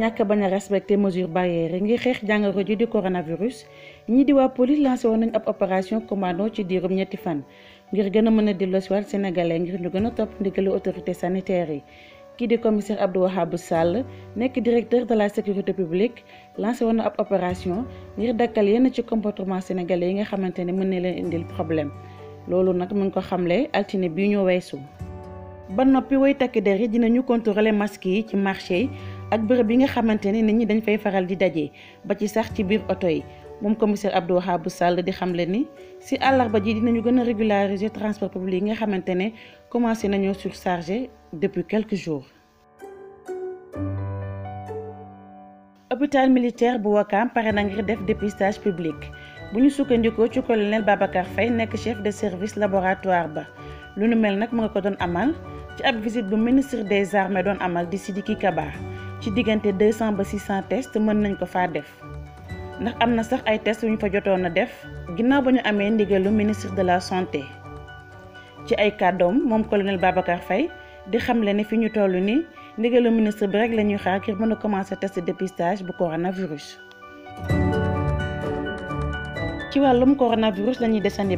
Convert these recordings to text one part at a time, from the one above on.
ñàkk bañ a respecté mesure barrière yi ngir xeex jàngoro ji di coronavirus ñi di waa police lancé woon nañ ab opération commando ci diirum ñetti fan ngir gën a mën a delloosiwaat sénégalais ngir ñu gën a topp ndigalu autorité sanitaire yi kii di commissaire Abdou Wahab Sall nekk directeur de la sécurité publique lancé woon na ab opération ngir dakkal yenn ci comportement sénégalais yi nga xamante ne mën na leen indil problème loolu nag mën ko xamle altine bi ñu weesu ba noppi way takk der yi dinañu contrôler masque yi ci marché yi ak bërëb bi nga xamante ne nit ñi dañ fay faral di daje ba ci sax ci biir oto yi moom commissaire Abdou Habou Sall di xamle ni si àllarba ji dinañu gën régulariser transport public publics nga xamante ne commencé nañoo surchargé depuis quelques jours. hôpital militaire bu wakam pare na ngir def dépistage public bu ñu sukkandikoo ci colonel Babacar Faye nekk chef de service laboratoire ba lu nu mel nag mu nga ko doon amal ci ab visite bu ministre des armées doon amal di Sidiki Kaba ci diggante 200 600 tests mën nañ ko fa def ndax amna tests ministre de la santé ci ay colonel Babacar di ministre bi rek la xaar a dépistage bu coronavirus. ci walum coronavirus la dessandi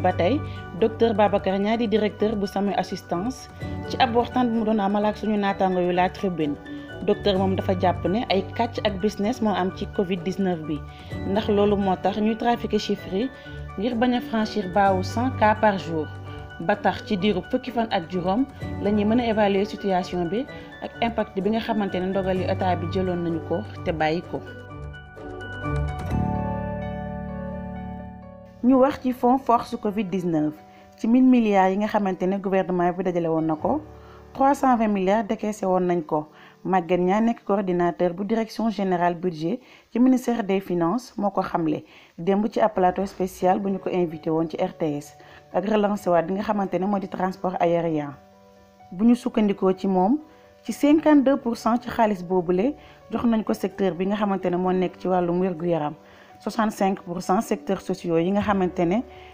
docteur Babacar directeur bu SAMU assistance ci mu La Tribune docteur moom dafa jàpp ne ay kàcc ak business moo am ci Covid 19 bi ndax loolu moo tax ñuy trafiqué chiffres yi ngir bañ a franchir baawu 100 cas par jour ba tax ci diiru fukki fan ak juróom la ñuy mën a évaluer situation bi ak impact bi nga xamante ne ndogal yu état bi jëloon nañu ko te bàyyi ko. ñu wax ci fonds force Covid 19 ci 1000 milliards yi nga xamante ne gouvernement bi dajale woon na ko 320 milliards décaissé woon nañ ko. Maguette Niang nekk coordinateur bu direction générale budget ci ministère des finances moo ko xamle démb ci ab plateau spécial bu ko invité woon ci RTS ak relancé waat bi nga xamante ne moo di transport aérien bu ñu sukkandikoo ci moom ci 52 pour cent ci xaalis boobule jox nañ ko secteur bi nga xamante ne moo nekk ci wàllu wér-gu-yaram 65 pour cent secteur sociaux yi nga xamante ne